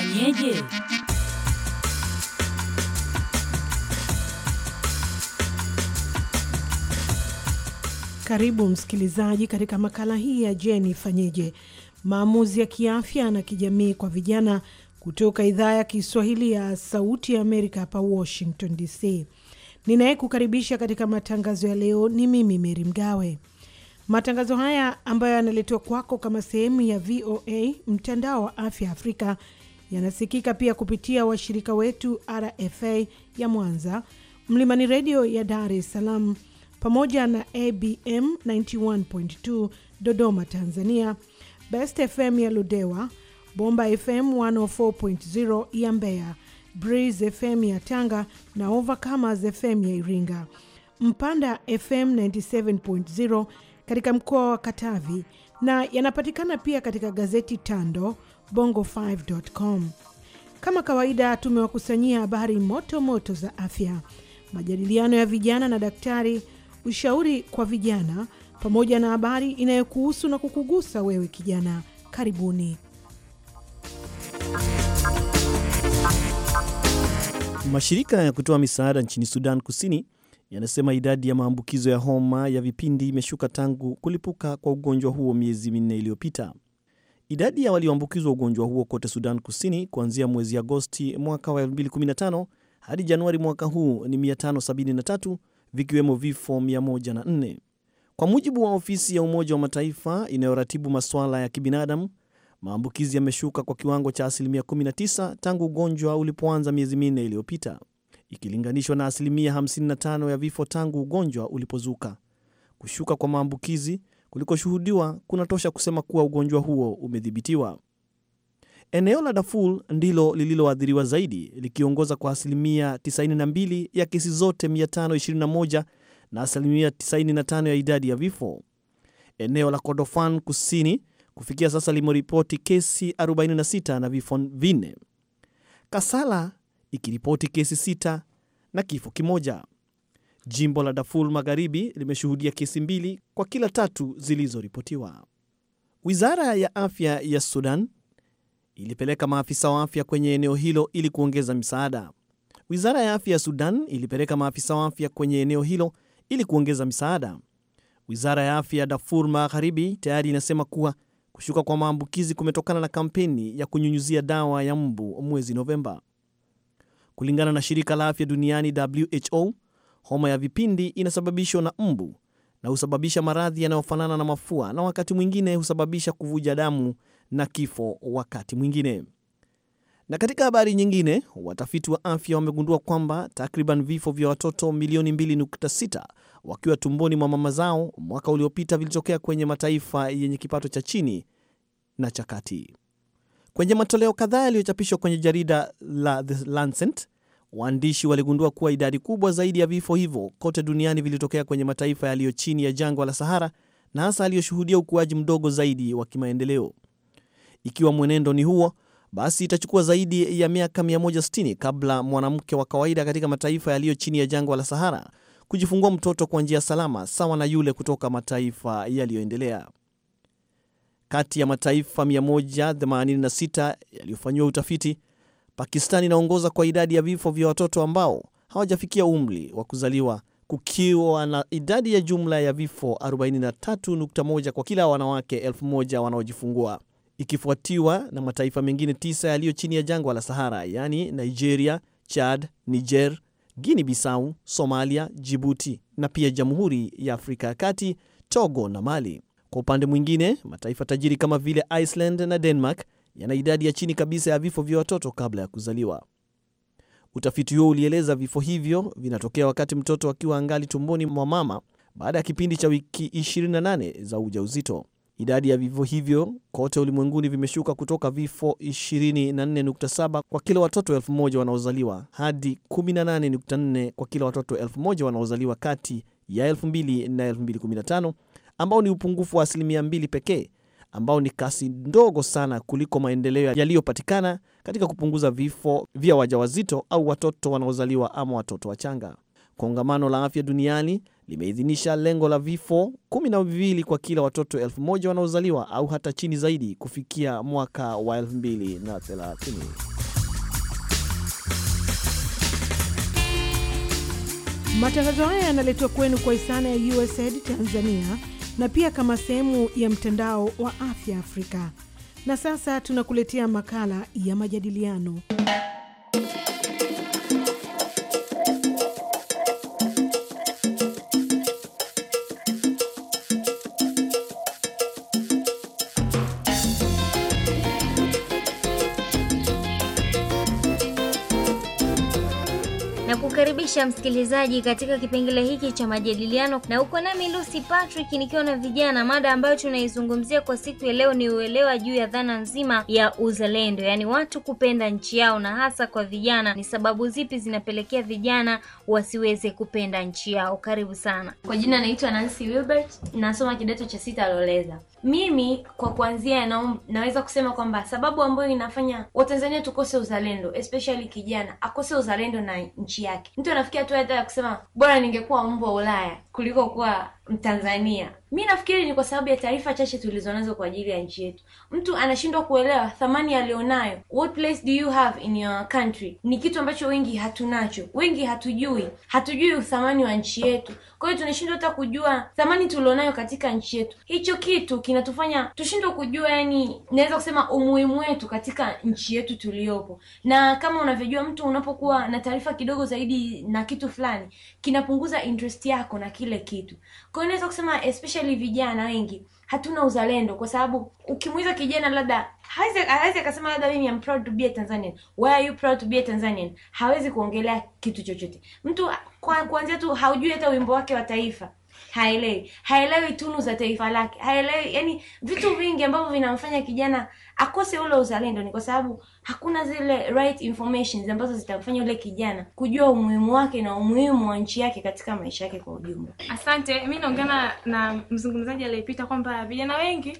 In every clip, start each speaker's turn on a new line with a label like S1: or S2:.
S1: Nifanyeje?
S2: Karibu msikilizaji katika makala hii ya Je, Nifanyeje, maamuzi ya kiafya na kijamii kwa vijana kutoka idhaa ya Kiswahili ya Sauti ya Amerika hapa Washington DC. Ninayekukaribisha katika matangazo ya leo ni mimi Meri Mgawe. Matangazo haya ambayo yanaletwa kwako kama sehemu ya VOA mtandao wa afya Afrika yanasikika pia kupitia washirika wetu RFA ya Mwanza, Mlimani Redio ya Dar es Salaam, pamoja na ABM 91.2 Dodoma Tanzania, Best FM ya Ludewa, Bomba FM 104.0 ya Mbeya, Breeze FM ya Tanga na Overcomers FM ya Iringa, Mpanda FM 97.0 katika mkoa wa Katavi na yanapatikana pia katika gazeti Tando bongo5.com. Kama kawaida, tumewakusanyia habari moto moto za afya, majadiliano ya vijana na daktari, ushauri kwa vijana, pamoja na habari inayokuhusu na kukugusa wewe kijana. Karibuni.
S3: Mashirika ya kutoa misaada nchini Sudan Kusini yanasema idadi ya maambukizo ya homa ya vipindi imeshuka tangu kulipuka kwa ugonjwa huo miezi minne iliyopita. Idadi ya walioambukizwa ugonjwa huo kote Sudan Kusini kuanzia mwezi Agosti mwaka wa 215 hadi Januari mwaka huu ni 573 vikiwemo vifo 14 kwa mujibu wa ofisi ya Umoja wa Mataifa inayoratibu masuala ya kibinadamu. Maambukizi yameshuka kwa kiwango cha asilimia 19 tangu ugonjwa ulipoanza miezi minne iliyopita ikilinganishwa na asilimia 55 ya vifo tangu ugonjwa ulipozuka. Kushuka kwa maambukizi kulikoshuhudiwa kunatosha kusema kuwa ugonjwa huo umedhibitiwa. Eneo la Darfur ndilo lililoathiriwa zaidi likiongoza kwa asilimia 92 ya kesi zote 521 na asilimia 95 ya idadi ya vifo. Eneo la Kordofan kusini kufikia sasa limeripoti kesi 46 na vifo vinne, Kasala ikiripoti kesi 6 na kifo kimoja. Jimbo la Darfur Magharibi limeshuhudia kesi mbili kwa kila tatu zilizoripotiwa. Wizara ya afya ya Sudan ilipeleka maafisa wa afya kwenye eneo hilo ili kuongeza misaada. Wizara ya afya ya Sudan ilipeleka maafisa wa afya kwenye eneo hilo ili kuongeza misaada. Wizara ya afya ya Darfur Magharibi tayari inasema kuwa kushuka kwa maambukizi kumetokana na kampeni ya kunyunyuzia dawa ya mbu mwezi Novemba. Kulingana na shirika la afya duniani WHO, Homa ya vipindi inasababishwa na mbu na husababisha maradhi yanayofanana na mafua na wakati mwingine husababisha kuvuja damu na kifo wakati mwingine. Na katika habari nyingine, watafiti wa afya wamegundua kwamba takriban vifo vya watoto milioni 2.6 wakiwa tumboni mwa mama zao mwaka uliopita vilitokea kwenye mataifa yenye kipato cha chini na cha kati. Kwenye matoleo kadhaa yaliyochapishwa kwenye jarida la The Lancet, Waandishi waligundua kuwa idadi kubwa zaidi ya vifo hivyo kote duniani vilitokea kwenye mataifa yaliyo chini ya jangwa la Sahara na hasa aliyoshuhudia ukuaji mdogo zaidi wa kimaendeleo. Ikiwa mwenendo ni huo, basi itachukua zaidi ya miaka 160 kabla mwanamke wa kawaida katika mataifa yaliyo chini ya jangwa la Sahara kujifungua mtoto kwa njia salama sawa na yule kutoka mataifa yaliyoendelea. Kati ya mataifa 186 yaliyofanyiwa utafiti Pakistan inaongoza kwa idadi ya vifo vya watoto ambao hawajafikia umri wa kuzaliwa kukiwa na idadi ya jumla ya vifo 43.1 kwa kila wanawake 1000 wanaojifungua ikifuatiwa na mataifa mengine tisa yaliyo chini ya jangwa la Sahara, yaani Nigeria, Chad, Niger, Guinea Bissau, Somalia, Jibuti na pia Jamhuri ya Afrika ya Kati, Togo na Mali. Kwa upande mwingine, mataifa tajiri kama vile Iceland na Denmark yana idadi ya chini kabisa ya vifo vya watoto kabla ya kuzaliwa. Utafiti huo ulieleza vifo hivyo vinatokea wakati mtoto akiwa angali tumboni mwa mama baada ya kipindi cha wiki 28 za ujauzito. Idadi ya vifo hivyo kote ulimwenguni vimeshuka kutoka vifo 24.7 kwa kila watoto 1000 wanaozaliwa hadi 18.4 kwa kila watoto 1000 wanaozaliwa kati ya 2000 na 2015, ambao ni upungufu wa asilimia 2 pekee ambao ni kasi ndogo sana kuliko maendeleo yaliyopatikana katika kupunguza vifo vya wajawazito au watoto wanaozaliwa ama watoto wachanga. Kongamano la Afya Duniani limeidhinisha lengo la vifo 12 na kwa kila watoto 1 wanaozaliwa au hata chini zaidi kufikia mwaka wa 2030.
S2: Matangazo haya yanaletwa kwenu kwa hisani ya USAID Tanzania na pia kama sehemu ya mtandao wa afya Afrika. Na sasa tunakuletea makala ya majadiliano
S4: kukaribisha msikilizaji katika kipengele hiki cha majadiliano, na uko nami Lucy Patrick nikiwa na vijana. Mada ambayo tunaizungumzia kwa siku ya leo ni uelewa juu ya dhana nzima ya uzalendo, yaani watu kupenda nchi yao, na hasa kwa vijana. Ni sababu zipi zinapelekea vijana wasiweze kupenda nchi
S1: yao? Karibu sana. Kwa jina naitwa Nancy Wilbert, nasoma kidato cha sita Loleza. Mimi kwa kuanzia na, naweza kusema kwamba sababu ambayo inafanya Watanzania tukose uzalendo especially kijana akose uzalendo na nchi yake mtu anafikia tu hata ya kusema bora ningekuwa mbwa Ulaya kuliko kuwa Mtanzania. Mi nafikiri ni kwa sababu ya taarifa chache tulizonazo kwa ajili ya nchi yetu. Mtu anashindwa kuelewa thamani alionayo. What place do you have in your country? Ni kitu ambacho wengi hatunacho, wengi hatujui, hatujui uthamani wa nchi yetu. Kwa hiyo tunashindwa hata kujua thamani tulionayo katika nchi yetu. Hicho kitu kinatufanya tushindwa kujua, yani naweza kusema umuhimu wetu katika nchi yetu tuliyopo. Na kama unavyojua, mtu unapokuwa na taarifa kidogo zaidi na kitu fulani, kinapunguza interest yako na kitu kile kitu. Kwa hiyo naweza kusema especially vijana wengi hatuna uzalendo, kwa sababu ukimuuliza kijana labda hawezi akasema labda mimi am proud to be a Tanzanian. Why are you proud to be a Tanzanian? Hawezi kuongelea kitu chochote. Mtu kwa kuanzia tu haujui hata wimbo wake wa taifa haelewi, haelewi tunu za taifa lake, haelewi yani vitu vingi ambavyo vinamfanya kijana akose ule uzalendo, ni kwa sababu hakuna zile right informations ambazo zitamfanya ule kijana kujua umuhimu wake na umuhimu wa nchi yake katika maisha yake kwa ujumla.
S5: Asante. Mi naungana na mzungumzaji aliyepita kwamba vijana wengi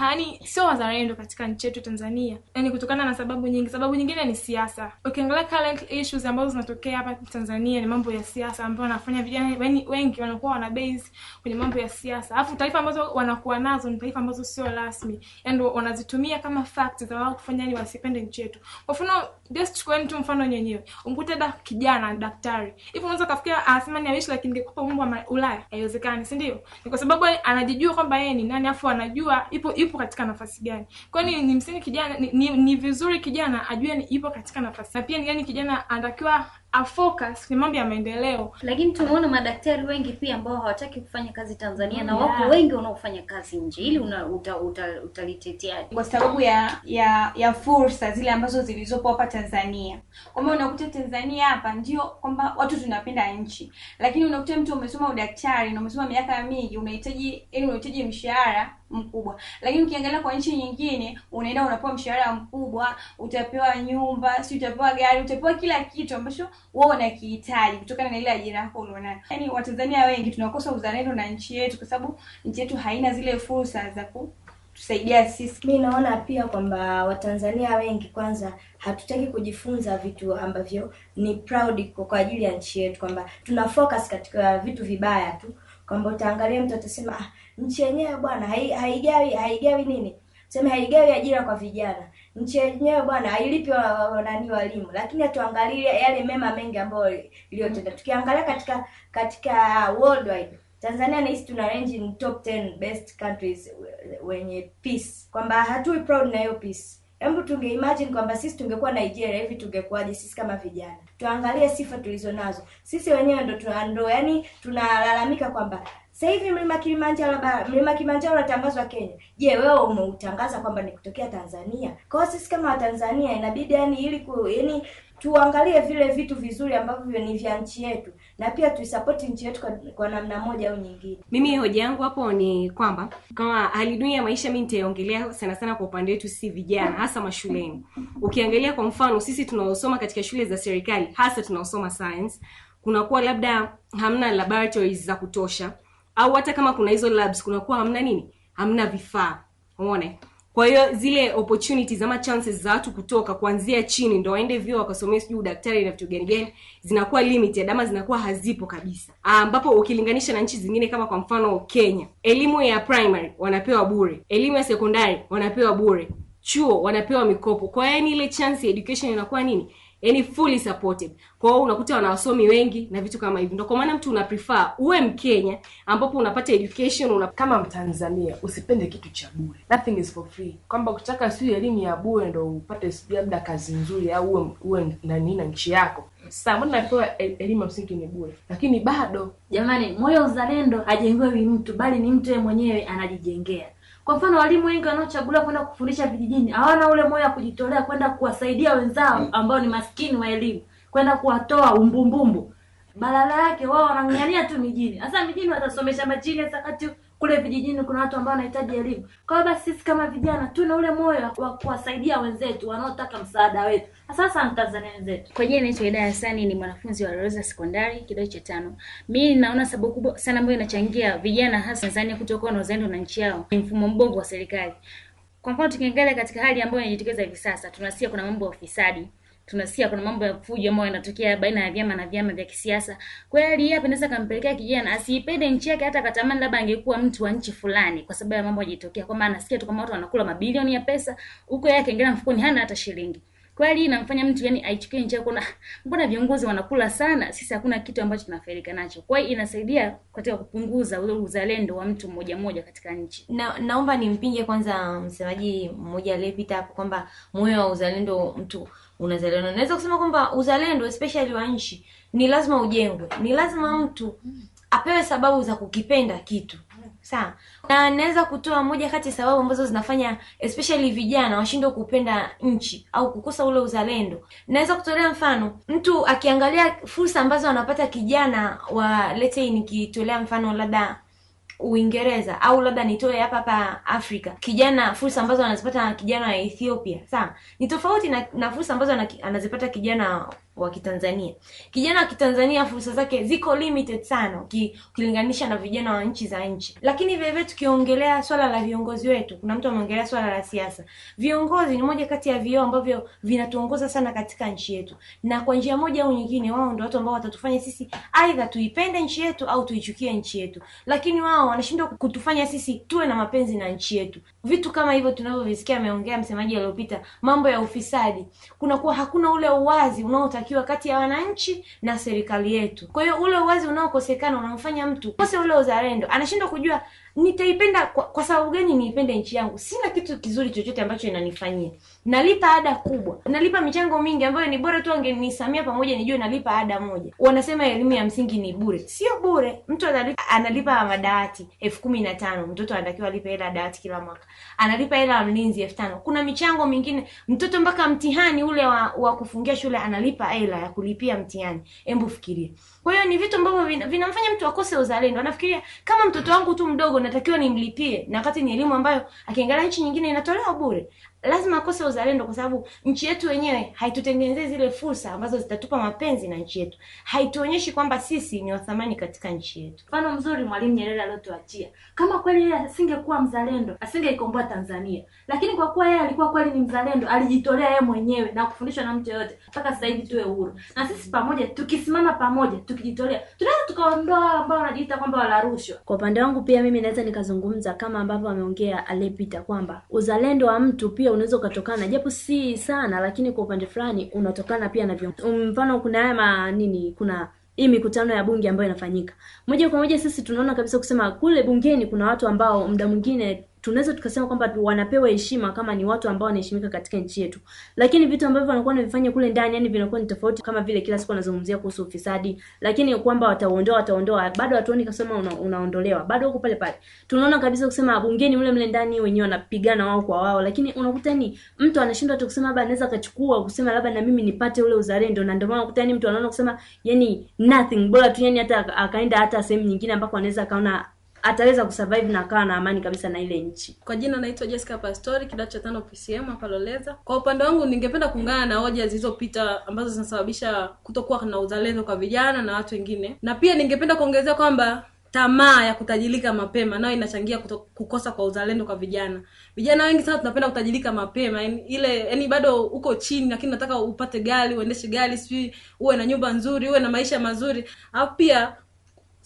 S5: yani sio wazalendo katika nchi yetu Tanzania, yani kutokana na sababu nyingi. Sababu nyingine ni siasa. Ukiangalia current issues ambazo zinatokea hapa Tanzania ni mambo ya siasa ambayo wanafanya vijana wengi wanakuwa wana base kwenye mambo ya siasa, alafu taarifa ambazo wanakuwa nazo ni taarifa ambazo sio rasmi, yani wanazitumia kama kama za wao kufanya ni wasipende nchi yetu. Kwa mfano Just chukua mtu mfano nyenyewe. Umkute da kijana daktari. Hivyo unaweza kafikia anasema ah, ni awishi lakini ningekupa Mungu wa Ulaya. Haiwezekani, si ndio? Ni kwa sababu anajijua kwamba yeye ni nani afu anajua ipo ipo katika nafasi gani. kwao ni, ni msingi kijana ni, ni, ni vizuri kijana ajue ni ipo katika nafasi. Na pia yani kijana anatakiwa afocus ni mambo ya maendeleo. Lakini tumeona madaktari
S4: wengi pia ambao hawataki kufanya kazi Tanzania na mm, yeah. Wapo wengi wanaofanya kazi nje, ili utalitetea uta, uta, uta kwa sababu ya
S1: ya, ya fursa zile ambazo zilizopo hapa Tanzania, kwamba unakuta Tanzania hapa ndio kwamba watu tunapenda nchi, lakini unakuta mtu umesoma udaktari na umesoma miaka mingi, unahitaji yani unahitaji mshahara mkubwa, lakini ukiangalia kwa nchi nyingine unaenda unapewa mshahara mkubwa, utapewa nyumba, si
S5: utapewa gari, utapewa kila kitu ambacho wewe unakihitaji kutokana na ile ajira yako ulionayo. Yaani Watanzania wengi tunakosa uzalendo na nchi yetu, kwa sababu nchi yetu haina zile fursa za ku
S4: kutusaidia sisi. Mi naona pia kwamba Watanzania wengi kwanza hatutaki kujifunza vitu ambavyo ni proud kwa ajili ya nchi yetu, kwamba tuna focus katika vitu vibaya tu, kwamba utaangalia mtu atasema ah, nchi yenyewe bwana haigawi haigawi nini sema haigawi ajira kwa vijana, nchi yenyewe bwana hailipi nani walimu, lakini hatuangalie yale mema mengi ambayo iliyotenda. Tukiangalia katika katika worldwide Tanzania nahisi tuna range in top 10 best countries wenye peace, kwamba hatui proud na hiyo peace. Hebu tunge imagine kwamba sisi tungekuwa Nigeria hivi tungekuwaje sisi kama vijana? Tuangalie sifa tulizo nazo sisi wenyewe, ndo ndo yani tunalalamika kwamba sasa hivi mlima Kilimanjaro mlima Kilimanjaro unatangazwa Kenya. Je, wewe umeutangaza kwamba ni kutokea Tanzania? Kwa sisi kama Watanzania inabidi yani ili ku, yani tuangalie vile vitu vizuri ambavyo ni vya nchi yetu na pia tuisapoti nchi yetu kwa, kwa namna moja au nyingine.
S5: Mimi hoja yangu hapo ni kwamba kama hali duni ya maisha, mimi nitaiongelea sana sana kwa upande wetu sisi vijana, hasa mashuleni. Ukiangalia kwa mfano, sisi tunaosoma katika shule za serikali, hasa tunaosoma science, kunakuwa labda hamna laboratories za kutosha, au hata kama kuna hizo labs, kunakuwa hamna nini, hamna vifaa, umeona kwa hiyo zile opportunities ama chances za watu kutoka kuanzia chini ndo waende vyo wakasomea sijui udaktari na vitu gani gani zinakuwa limited ama zinakuwa hazipo kabisa ah, ambapo ukilinganisha na nchi zingine kama kwa mfano kenya elimu ya primary wanapewa bure elimu ya sekondari wanapewa bure chuo wanapewa mikopo kwa yaani ile chance education inakuwa nini yani fully supported. Kwa hiyo unakuta wanawasomi wengi na vitu kama hivyo, ndio kwa maana mtu una uwe Mkenya ambapo unapata education una... kama Mtanzania usipende kitu cha bure, nothing is for free, kwamba ukitaka si elimu ya bure ndio upate labda kazi nzuri au uwe, uwe na na nchi yako. Sasa mbona napewa e- elimu msingi ni bure, lakini bado jamani, moyo uzalendo hajengewi mtu, bali ni mtu mwenyewe anajijengea. Kwa mfano walimu
S1: wengi wanaochaguliwa kwenda kufundisha vijijini hawana ule moyo wa kujitolea kwenda kuwasaidia wenzao mm. ambao ni maskini wa elimu, kwenda kuwatoa umbumbumbu. Badala yake wao wanang'ang'ania tu mijini. Sasa mijini watasomesha machine sakati kule vijijini kuna watu ambao wanahitaji elimu. Kwa hiyo basi sisi kama vijana tuna ule moyo wa kuwasaidia wenzetu wanaotaka msaada wetu, hasa sana Tanzania wenzetu. Kwa jina naitwa Ida Hassani ni mwanafunzi wa Rosa Sekondari kidato cha tano. Mimi naona sababu kubwa sana ambayo inachangia vijana hasa Tanzania kutokuwa na uzalendo na nchi yao ni mfumo mbovu wa serikali. Kwa mfano tukiangalia katika hali ambayo inajitokeza hivi sasa, tunasikia kuna mambo ya ufisadi tunasikia kuna mambo ya fujo ambayo yanatokea baina ya vyama na vyama vya kisiasa. Kweli hapa inaweza kampelekea kijana asiipende nchi yake, hata akatamani labda angekuwa mtu wa nchi fulani, kwa sababu ya mambo yajitokea, kwamba anasikia tu kama watu wanakula mabilioni ya pesa huko, yeye akaingia mfukoni hana hata shilingi. Kweli inamfanya mtu yani aichukie nchi yako, na mbona viongozi wanakula sana, sisi hakuna kitu ambacho tunafaidika nacho. Kwa hiyo inasaidia katika kupunguza ule uzalendo wa mtu mmoja mmoja katika nchi. Na, naomba nimpinge kwanza msemaji mmoja aliyepita hapo kwamba moyo wa uzalendo mtu unazaliana. Naweza kusema kwamba uzalendo especially wa nchi ni lazima ujengwe, ni lazima mtu apewe sababu za kukipenda kitu sawa. Na naweza kutoa moja kati ya sababu ambazo zinafanya especially vijana washindwe kupenda nchi au kukosa ule uzalendo. Naweza kutolea mfano, mtu akiangalia fursa ambazo anapata kijana wa let's nikitolea mfano labda Uingereza au labda nitoe hapa hapa Afrika, kijana fursa ambazo anazipata kijana wa Ethiopia sawa, ni tofauti na, na fursa ambazo anazipata kijana wa Kitanzania. Kijana wa Kitanzania fursa zake ziko limited sana ukilinganisha na vijana wa nchi za nchi Lakini vile tukiongelea swala la viongozi wetu, kuna mtu ameongelea swala la siasa. Viongozi ni moja kati ya vioo ambavyo vinatuongoza sana katika nchi yetu, na kwa njia moja au nyingine, wao ndio watu ambao watatufanya sisi aidha tuipende nchi yetu au tuichukie nchi yetu, lakini wao wanashindwa kutufanya sisi tuwe na mapenzi na nchi yetu. Vitu kama hivyo tunavyovisikia, ameongea msemaji aliyopita, mambo ya ufisadi, kunakuwa hakuna ule uwazi unaotakiwa kinachotakiwa kati ya wananchi na serikali yetu. Kwa hiyo ule uwazi unaokosekana unamfanya mtu kose ule uzalendo, anashindwa kujua nitaipenda kwa, kwa sababu gani niipende nchi yangu? Sina kitu kizuri chochote ambacho inanifanyia. Nalipa ada kubwa, nalipa michango mingi ambayo ni bora tu angenisamia pamoja, nijue nalipa ada moja. Wanasema elimu ya msingi ni bure, sio bure. Mtu analipa, analipa madawati elfu kumi na tano mtoto anatakiwa alipe hela dawati kila mwaka, analipa hela ya mlinzi elfu tano Kuna michango mingine, mtoto mpaka mtihani ule wa, wa kufungia shule analipa hela ya kulipia mtihani. Hebu fikirie Kwa hiyo ni vitu ambavyo vinamfanya vina mtu akose uzalendo, anafikiria kama mtoto wangu tu mdogo natakiwa nimlipie, na wakati ni elimu ambayo akiangalia nchi nyingine inatolewa bure lazima akose uzalendo, kwa sababu nchi yetu wenyewe haitutengenezee zile fursa ambazo zitatupa mapenzi na nchi yetu, haituonyeshi kwamba sisi ni wathamani katika nchi yetu. Mfano mzuri Mwalimu Nyerere aliyotuachia, kama kweli yeye asingekuwa mzalendo asingeikomboa Tanzania, lakini kwa kuwa yeye alikuwa kweli ni mzalendo, alijitolea yeye mwenyewe na kufundishwa na mtu yoyote, mpaka sasa hivi tuwe huru. Na sisi pamoja, tukisimama pamoja, tukijitolea, tunaweza tukaondoa ambao wanajiita kwamba walarushwa Kwa upande wangu pia mimi naweza nikazungumza kama ambavyo ameongea aliyepita kwamba uzalendo wa mtu pia pia unaweza ukatokana japo si sana, lakini kwa upande fulani unatokana pia na um, Mfano kuna haya nini, kuna hii mikutano ya bunge ambayo inafanyika moja kwa moja, sisi tunaona kabisa kusema kule bungeni kuna watu ambao muda mwingine tunaweza tukasema kwamba wanapewa heshima kama ni watu ambao wanaheshimika katika nchi yetu, lakini vitu ambavyo wanakuwa wanavifanya kule ndani, yani vinakuwa ni tofauti. Kama vile kila siku wanazungumzia kuhusu ufisadi, lakini kwamba wataondoa, wataondoa, bado hatuoni kasema una, unaondolewa, bado huko pale pale. Tunaona kabisa kusema bungeni mle mle ndani wenyewe wanapigana wao kwa wao, lakini unakuta ni mtu anashindwa tu kusema labda anaweza kachukua kusema labda na mimi nipate ule uzalendo, na ndio maana unakuta ni mtu anaona kusema yani nothing, bora tu yani hata akaenda hata sehemu nyingine ambako anaweza akaona ataweza kusurvive na akawa na amani kabisa na ile nchi.
S5: Kwa jina naitwa Jessica Pastori, kidato cha tano PCM hapa Loleza. Kwa upande wangu, ningependa kuungana na hoja zilizopita ambazo zinasababisha kutokuwa na uzalendo kwa vijana na watu wengine, na pia ningependa kuongezea kwamba tamaa ya kutajirika mapema nayo inachangia kuto, kukosa kwa uzalendo kwa vijana. Vijana wengi sana tunapenda kutajirika mapema, yani ile yani bado uko chini, lakini nataka upate gari, uendeshe gari, sijui uwe na nyumba nzuri, uwe na maisha mazuri. au pia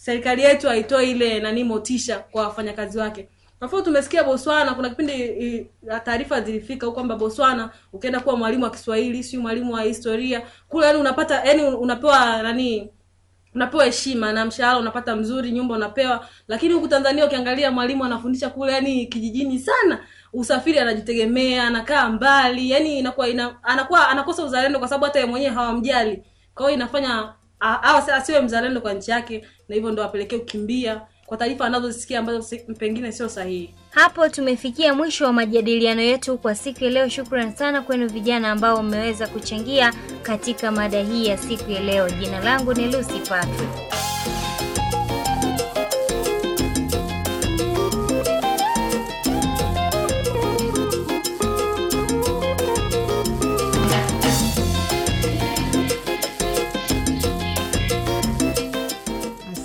S5: serikali yetu haitoi ile nani motisha kwa wafanyakazi wake. Kwa tumesikia Botswana, kuna kipindi taarifa zilifika huko kwamba Botswana ukienda kuwa mwalimu wa Kiswahili, si mwalimu wa historia, kule yani unapata yani unapewa nani unapewa heshima na mshahara unapata mzuri, nyumba unapewa. Lakini huku Tanzania ukiangalia mwalimu anafundisha kule yani kijijini sana, usafiri anajitegemea, anakaa mbali, yani inakuwa ina, anakuwa anakosa uzalendo kwa sababu hata yeye mwenyewe hawamjali. Kwa hiyo inafanya au asiwe mzalendo kwa nchi yake, na hivyo ndo apelekee kukimbia kwa taarifa anazosikia ambazo pengine sio sahihi.
S4: Hapo tumefikia mwisho wa majadiliano yetu kwa siku ya leo. Shukrani sana kwenu vijana ambao mmeweza kuchangia katika mada hii ya siku ya leo. Jina langu ni Lucy Patrick.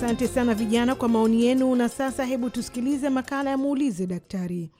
S2: Asante sana vijana kwa maoni yenu, na sasa hebu tusikilize makala ya muulize daktari.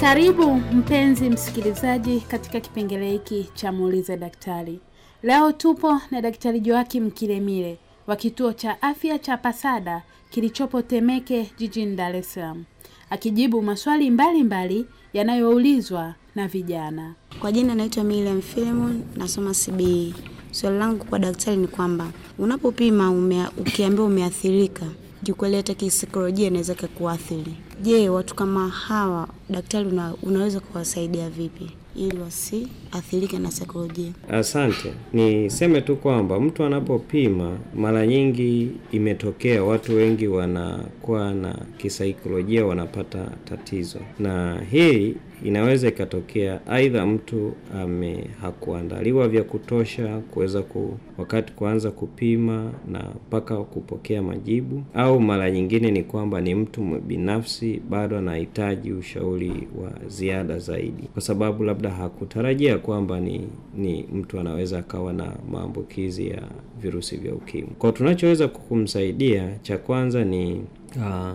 S6: Karibu mpenzi msikilizaji katika kipengele hiki cha muulize daktari. Leo tupo na Daktari Joakim Kilemile wa kituo cha afya cha Pasada kilichopo Temeke jijini Dar es Salaam, akijibu maswali mbalimbali yanayoulizwa na vijana. Kwa jina naitwa Miriam Philemon, nasoma CBE. Swali langu kwa daktari ni kwamba unapopima umea, ukiambiwa umeathirika kiukweli hata kisaikolojia inaweza kukuathiri. Je, watu kama hawa daktari una, unaweza kuwasaidia vipi ili wasi athirike na saikolojia.
S7: Asante. Niseme tu kwamba mtu anapopima, mara nyingi imetokea watu wengi wanakuwa na kisaikolojia wanapata tatizo, na hii inaweza ikatokea aidha mtu ame hakuandaliwa vya kutosha kuweza ku wakati kuanza kupima na mpaka kupokea majibu, au mara nyingine ni kwamba ni mtu binafsi bado anahitaji ushauri wa ziada zaidi, kwa sababu labda hakutarajia kwamba ni, ni mtu anaweza akawa na maambukizi ya virusi vya ukimwi. Kwa tunachoweza kumsaidia cha kwanza ni uh,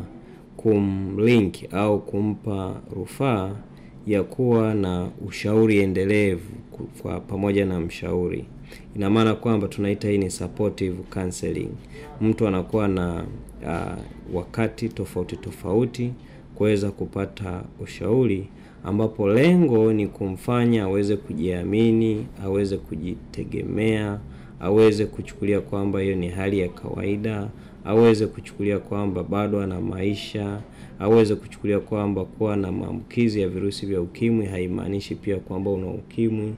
S7: kumlink au kumpa rufaa ya kuwa na ushauri endelevu kwa pamoja na mshauri. Ina maana kwamba tunaita hii ni supportive counseling. Mtu anakuwa na uh, wakati tofauti tofauti kuweza kupata ushauri ambapo lengo ni kumfanya aweze kujiamini, aweze kujitegemea, aweze kuchukulia kwamba hiyo ni hali ya kawaida, aweze kuchukulia kwamba bado ana maisha, aweze kuchukulia kwamba kuwa na maambukizi ya virusi vya ukimwi haimaanishi pia kwamba una ukimwi.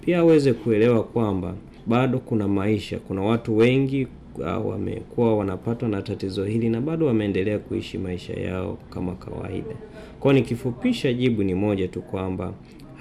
S7: Pia aweze kuelewa kwamba bado kuna maisha, kuna watu wengi Uh, wamekuwa wanapatwa na tatizo hili na bado wameendelea kuishi maisha yao kama kawaida. Kwa nikifupisha, jibu ni moja tu kwamba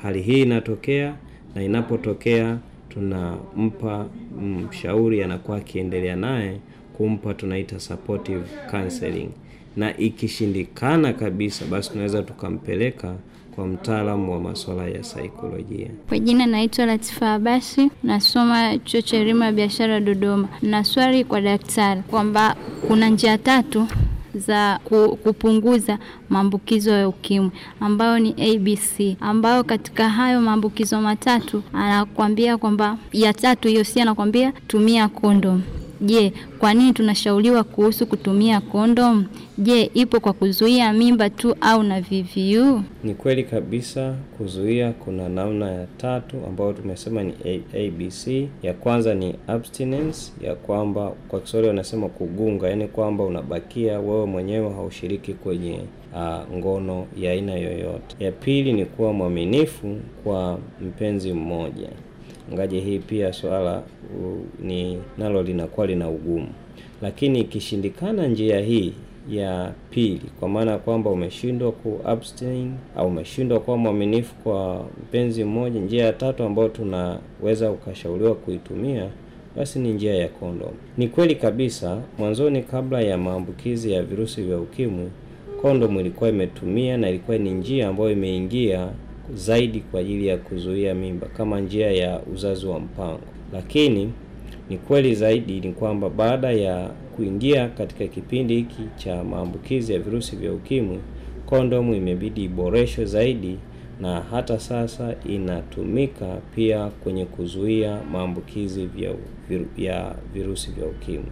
S7: hali hii inatokea na inapotokea tunampa mshauri, anakuwa akiendelea naye kumpa, tunaita supportive counseling, na ikishindikana kabisa, basi tunaweza tukampeleka kwa mtaalamu wa masuala ya saikolojia.
S4: Kwa jina naitwa Latifa Abasi, nasoma chuo cha elimu ya biashara Dodoma, na swali kwa daktari kwamba kuna njia tatu za kupunguza maambukizo ya ukimwi ambayo ni ABC, ambayo katika hayo maambukizo matatu anakwambia kwamba ya tatu hiyo, si anakwambia tumia kondom. Je, kwa nini tunashauriwa kuhusu kutumia kondom? Je, ipo kwa kuzuia mimba tu au na VVU?
S7: Ni kweli kabisa, kuzuia kuna namna ya tatu ambayo tumesema ni ABC. Ya kwanza ni abstinence, ya kwamba kwa Kiswahili wanasema kugunga, yaani kwamba unabakia wewe mwenyewe haushiriki kwenye uh, ngono ya aina yoyote. Ya pili ni kuwa mwaminifu kwa mpenzi mmoja ngaje hii pia swala ni nalo linakuwa lina ugumu, lakini ikishindikana njia hii ya pili, kwa maana ya kwamba umeshindwa ku abstain au umeshindwa kuwa mwaminifu kwa mpenzi mmoja, njia ya tatu ambayo tunaweza ukashauriwa kuitumia basi ni njia ya kondomu. Ni kweli kabisa, mwanzoni kabla ya maambukizi ya virusi vya ukimwi kondomu ilikuwa imetumia na ilikuwa ni njia ambayo imeingia zaidi kwa ajili ya kuzuia mimba kama njia ya uzazi wa mpango. Lakini ni kweli zaidi ni kwamba baada ya kuingia katika kipindi hiki cha maambukizi ya virusi vya ukimwi, kondomu imebidi iboreshwe zaidi na hata sasa inatumika pia kwenye kuzuia maambukizi ya virusi vya ukimwi.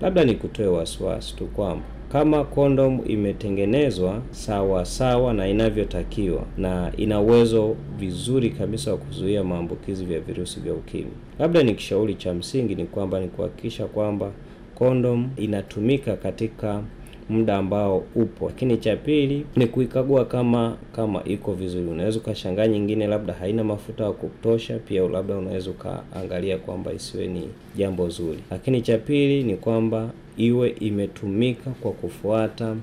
S7: Labda nikutoe wasiwasi tu kwamba kama kondom imetengenezwa sawa sawa na inavyotakiwa na ina uwezo vizuri kabisa wa kuzuia maambukizi vya virusi vya ukimwi. Labda ni kishauri cha msingi ni kwamba ni kuhakikisha kwamba kondom inatumika katika muda ambao upo, lakini cha pili ni kuikagua kama kama iko vizuri. Unaweza ukashangaa nyingine labda haina mafuta ya kutosha, pia labda unaweza ukaangalia kwamba isiwe ni jambo zuri. Lakini cha pili ni kwamba iwe imetumika kwa kufuata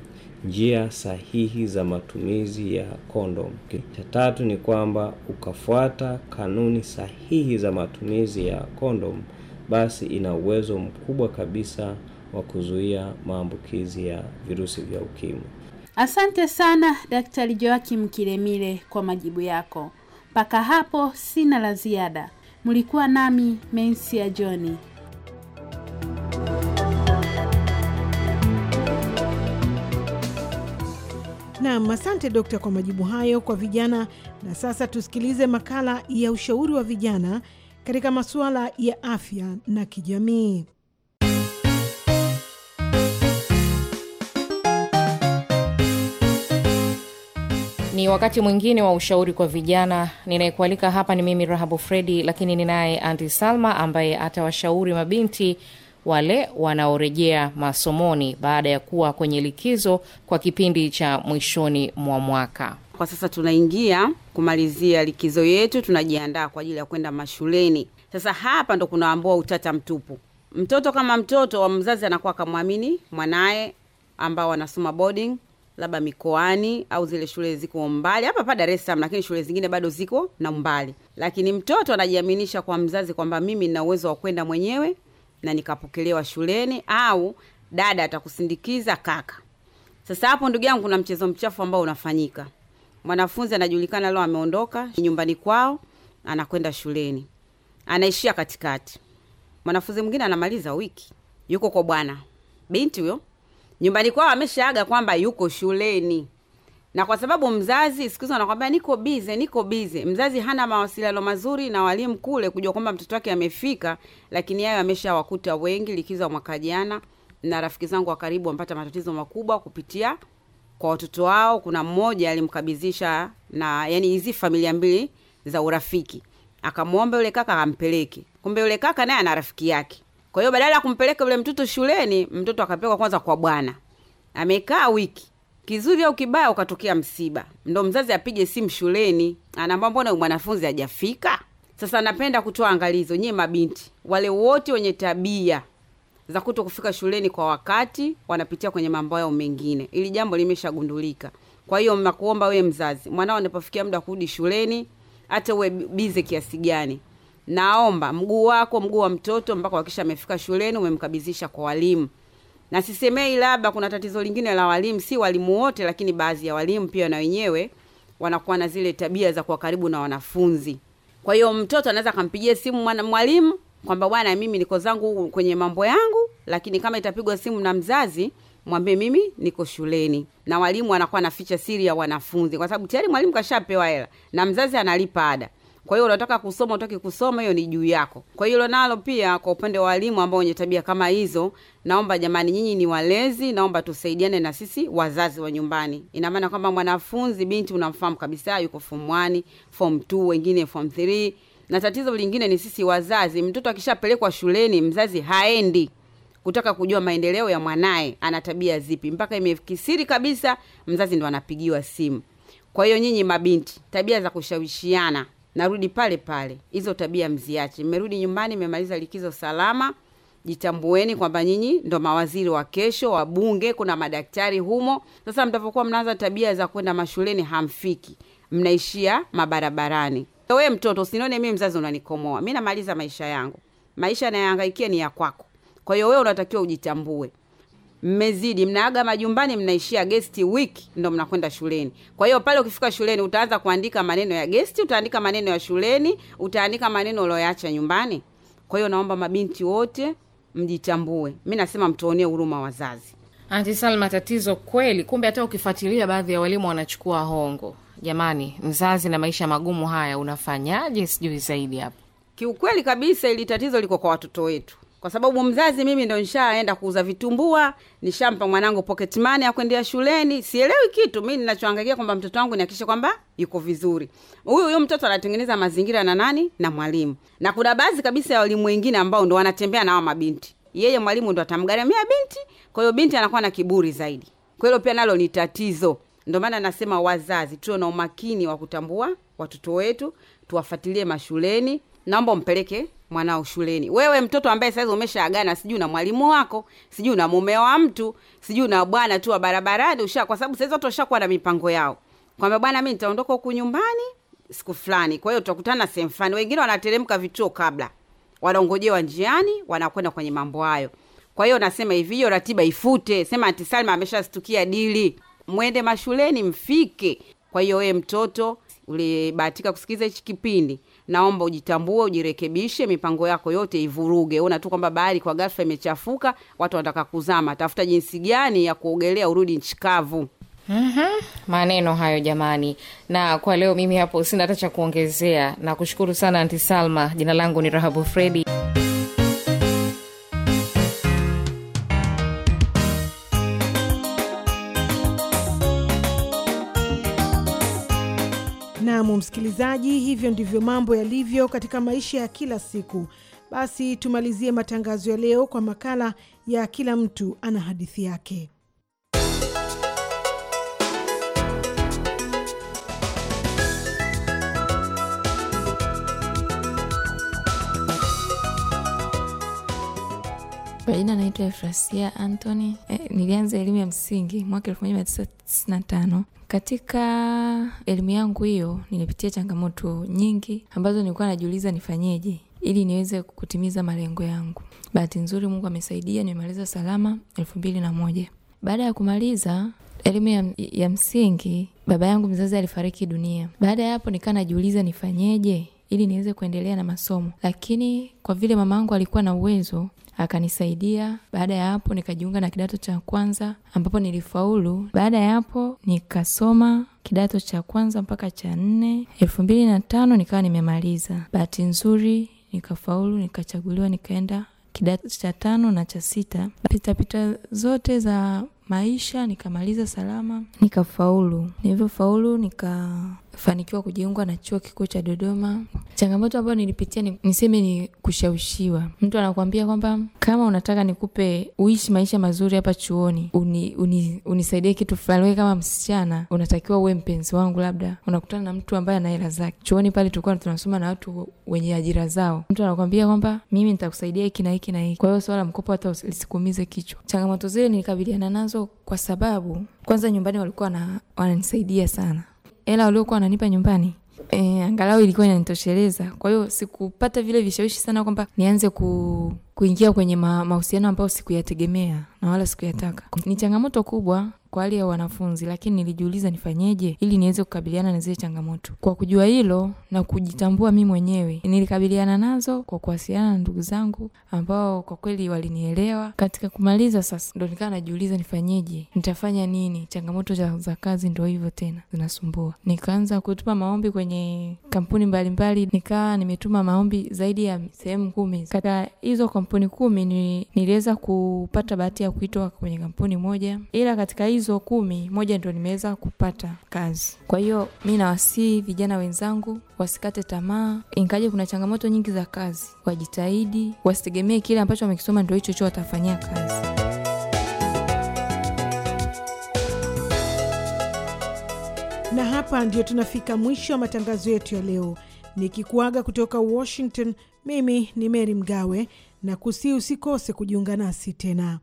S7: njia sahihi za matumizi ya kondomu. Cha tatu ni kwamba ukafuata kanuni sahihi za matumizi ya kondom, basi ina uwezo mkubwa kabisa wa kuzuia maambukizi ya virusi vya ukimwi.
S6: Asante sana Daktari Joakim Kilemile kwa majibu yako. Mpaka hapo sina la ziada. Mlikuwa nami Mensia Johni. Nam,
S2: asante dokta kwa majibu hayo kwa vijana. Na sasa tusikilize makala ya ushauri wa vijana katika masuala ya afya na kijamii.
S6: Ni wakati mwingine wa ushauri kwa vijana. Ninayekualika hapa ni mimi Rahabu Fredi, lakini ninaye Anti Salma ambaye atawashauri mabinti wale wanaorejea masomoni baada ya kuwa kwenye likizo kwa kipindi cha mwishoni mwa mwaka. Kwa sasa tunaingia kumalizia likizo yetu, tunajiandaa kwa ajili ya kwenda mashuleni. Sasa hapa ndo kunaambua utata mtupu. Mtoto kama mtoto wa mzazi anakuwa kamwamini mwanaye ambao anasoma boarding labda mikoani au zile shule ziko mbali hapa pa Dar lakini shule zingine bado ziko na umbali. Lakini mtoto anajiaminisha kwa mzazi kwamba mimi nina uwezo wa kwenda mwenyewe na nikapokelewa shuleni, au dada atakusindikiza kaka. Sasa hapo, ndugu yangu, kuna mchezo mchafu ambao unafanyika. Mwanafunzi anajulikana leo ameondoka nyumbani kwao, anakwenda shuleni, anaishia katikati. Mwanafunzi mwingine anamaliza wiki, yuko kwa bwana binti huyo, nyumbani kwao ameshaaga kwamba yuko shuleni na kwa sababu mzazi siku hizi anakwambia niko bize, niko bize, mzazi hana mawasiliano mazuri na walimu kule kujua kwamba mtoto wake amefika, lakini yayo ameshawakuta wengi. likiza mwaka jana na rafiki zangu wa karibu wamepata matatizo makubwa kupitia kwa watoto wao. Kuna mmoja alimkabizisha na yani hizi familia mbili za urafiki, akamwomba yule kaka ampeleke, kumbe yule kaka naye ana rafiki yake. Kwa hiyo badala ya kumpeleka yule mtoto shuleni, mtoto akapelekwa kwanza kwa bwana, amekaa wiki kizuri au kibaya, ukatokea msiba, ndo mzazi apige simu shuleni, anaamba mbona mwanafunzi ajafika Sasa napenda kutoa angalizo, nyie mabinti wale wote wenye tabia za kuto kufika shuleni kwa wakati, wanapitia kwenye mambo yao mengine. Ili jambo limeshagundulika. Kwa hiyo nakuomba wewe mzazi, mwanao anapofikia muda kurudi shuleni, hata uwe bize kiasi gani, naomba mguu wako, mguu wa mtoto, mpaka wakisha amefika shuleni, umemkabidhisha kwa walimu na sisemei labda kuna tatizo lingine la walimu, si walimu wote, lakini baadhi ya walimu pia na wenyewe wanakuwa na zile tabia za kuwa karibu na wanafunzi. Kwa hiyo mtoto anaweza akampigia simu mwalimu kwamba bwana, mimi niko zangu kwenye mambo yangu, lakini kama itapigwa simu na mzazi mwambie mimi niko shuleni, na walimu wanakuwa na ficha siri ya wanafunzi, kwa sababu tayari mwalimu kashapewa hela na mzazi analipa ada. Kwa hiyo unataka kusoma, unataka kusoma, hiyo ni juu yako. Kwa hiyo nalo pia kwa upande wa walimu ambao wenye tabia kama hizo, naomba jamani, nyinyi ni walezi, naomba tusaidiane na sisi wazazi wa nyumbani. Ina maana kwamba mwanafunzi binti unamfahamu kabisa, yuko form 1, form 2, wengine form 3. Na tatizo lingine ni sisi wazazi, mtoto akishapelekwa shuleni, mzazi haendi kutaka kujua maendeleo ya mwanaye, ana tabia zipi, mpaka imekisiri kabisa, mzazi ndo anapigiwa simu. Kwa hiyo nyinyi mabinti, tabia za kushawishiana narudi pale pale. Hizo tabia mziache. Mmerudi nyumbani, mmemaliza likizo salama. Jitambueni kwamba nyinyi ndo mawaziri wa kesho, wabunge, kuna madaktari humo. Sasa mtavokuwa mnaanza tabia za kwenda mashuleni, hamfiki, mnaishia mabarabarani. we mtoto usinione mii mzazi unanikomoa, mi namaliza maisha yangu, maisha nayahangaikia ni ya kwako. Kwa hiyo wewe unatakiwa ujitambue mmezidi, mnaaga majumbani, mnaishia gesti wiki, ndo mnakwenda shuleni. Kwa hiyo pale ukifika shuleni utaanza kuandika maneno ya gesti, utaandika maneno ya shuleni, utaandika maneno ulioacha nyumbani. Kwa hiyo naomba mabinti wote mjitambue, mi nasema mtuonee huruma wazazi. Anti Salma, tatizo kweli. Kumbe hata ukifuatilia baadhi ya walimu wanachukua hongo. Jamani, mzazi na maisha magumu haya, unafanyaje? Sijui zaidi hapo. Kiukweli kabisa, ili tatizo liko kwa watoto wetu kwa sababu mzazi mimi ndo nishaenda kuuza vitumbua, nishampa mwanangu poketmani akwendea shuleni. Sielewi kitu mi ninachoangaikia kwamba mtoto wangu nihakikishe kwamba yuko vizuri. Huyu huyo mtoto anatengeneza mazingira na nani? Na mwalimu. Na kuna baadhi kabisa ya walimu wengine ambao ndo wanatembea na hawa mabinti, yeye mwalimu ndo atamgaramia binti, kwa hiyo binti anakuwa na kiburi zaidi. Kwa hilo pia nalo ni tatizo. Ndio maana nasema wazazi tuwe na umakini wa kutambua watoto wetu, tuwafatilie mashuleni. Naomba umpeleke mwanao shuleni. Wewe mtoto ambaye sasa umeshaagana, sijui na mwalimu wako, sijui na mume wa mtu, sijui na bwana tu wa barabarani, usha kwa sababu sasa watu washakuwa na mipango yao kwamba bwana, mimi nitaondoka huku nyumbani siku fulani, kwa hiyo tutakutana sehemu fulani. Wengine wanateremka vituo kabla, wanaongojewa njiani, wanakwenda kwenye mambo hayo. Kwa hiyo nasema hivi, hiyo ratiba ifute. Sema Aunti Salma ameshastukia dili, mwende mashuleni mfike. Kwa hiyo wee mtoto ulibahatika kusikiliza hichi kipindi, naomba ujitambue, ujirekebishe, mipango yako yote ivuruge. Ona tu kwamba bahari kwa gafa imechafuka, watu wanataka kuzama, tafuta jinsi gani ya kuogelea urudi nchi kavu. Mm
S7: -hmm. Maneno
S6: hayo jamani, na kwa leo mimi hapo sina hata cha kuongezea, na kushukuru sana Anti Salma. Jina langu ni Rahabu Fredi.
S2: msikilizaji, hivyo ndivyo mambo yalivyo katika maisha ya kila siku. Basi tumalizie matangazo ya leo kwa makala ya kila mtu ana hadithi yake.
S8: Kwa jina naitwa Efrasia Antony. Eh, nilianza elimu ya msingi mwaka elfu moja mia tisa tisini na tano katika elimu yangu hiyo nilipitia changamoto nyingi ambazo nilikuwa najiuliza nifanyeje ili niweze kutimiza malengo yangu. Bahati nzuri Mungu amesaidia nimemaliza salama elfu mbili na moja. Baada ya kumaliza elimu ya, ya msingi baba yangu mzazi alifariki dunia. Baada ya hapo nikaa najiuliza nifanyeje ili niweze kuendelea na masomo, lakini kwa vile mama yangu alikuwa na uwezo akanisaidia. Baada ya hapo nikajiunga na kidato cha kwanza ambapo nilifaulu. Baada ya hapo nikasoma kidato cha kwanza mpaka cha nne. elfu mbili na tano nikawa nimemaliza. Bahati nzuri nikafaulu, nikachaguliwa, nikaenda kidato cha tano na cha sita. Pitapita zote za maisha nikamaliza salama, nikafaulu. Nilivyofaulu nika kufanikiwa kujiunga na chuo kikuu cha Dodoma. Changamoto ambayo nilipitia ni, niseme ni kushawishiwa. Mtu anakuambia kwamba kama unataka nikupe uishi maisha mazuri hapa chuoni, uni, uni, unisaidie kitu fulani. Wewe kama msichana unatakiwa uwe mpenzi wangu, labda unakutana na mtu ambaye ana hela zake. Chuoni pale tulikuwa tunasoma na watu wenye ajira zao, mtu anakuambia kwamba mimi nitakusaidia hiki na hiki na hiki. Kwa hiyo swala mkopo hata lisikuumize kichwa. Changamoto zile nilikabiliana nazo kwa sababu kwanza nyumbani walikuwa na, wananisaidia sana hela waliokuwa wananipa nyumbani e, angalau ilikuwa inanitosheleza. Kwa hiyo sikupata vile vishawishi sana kwamba nianze ku, kuingia kwenye mahusiano ambayo sikuyategemea na wala sikuyataka. Ni changamoto kubwa kwa hali ya wanafunzi, lakini nilijiuliza nifanyeje ili niweze kukabiliana na zile changamoto. Kwa kujua hilo na kujitambua mi mwenyewe, nilikabiliana nazo kwa kuwasiliana na ndugu zangu ambao kwa kweli walinielewa. Katika kumaliza sasa, ndo nikawa najiuliza nifanyeje, nitafanya nini? Changamoto za, za kazi ndo hivyo tena zinasumbua. Nikaanza kutuma maombi kwenye kampuni mbalimbali, nikawa nimetuma maombi zaidi ya sehemu kumi. Katika hizo kampuni kumi niliweza kupata bahati ya kuitwa kwenye kampuni moja, ila katika hizo hizo kumi, moja ndo nimeweza kupata kazi. Kwa hiyo mi nawasii vijana wenzangu wasikate tamaa, ingaje kuna changamoto nyingi za kazi, wajitahidi, wasitegemee kile ambacho wamekisoma ndo hicho hicho watafanyia kazi.
S2: Na hapa ndio tunafika mwisho wa matangazo yetu ya leo, nikikuaga kutoka Washington. Mimi ni Mary Mgawe na kusii, usikose kujiunga nasi tena.